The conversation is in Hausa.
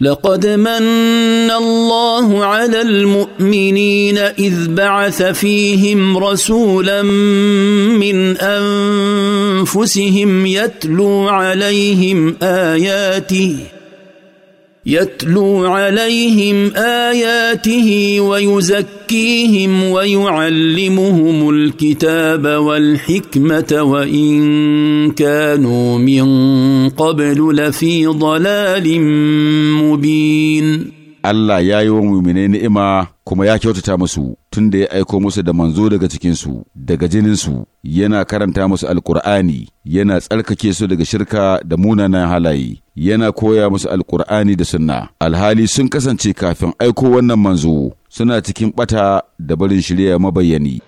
لقد من الله على المؤمنين اذ بعث فيهم رسولا من انفسهم يتلو عليهم اياته يتلو عليهم اياته ويزكي يزكيهم ويعلمهم الكتاب والحكمه وان كانوا من قبل لفي ضلال مبين Allah ya yi wa mumine ni'ima kuma ya kyautata musu tun da ya aiko musu da manzo daga cikinsu daga jininsu yana karanta musu alkur'ani yana tsarkake su daga shirka da munanan halaye yana koya musu alkur'ani da sunna alhali sun kasance kafin aiko wannan manzo suna cikin ɓata da barin shirya mabayani.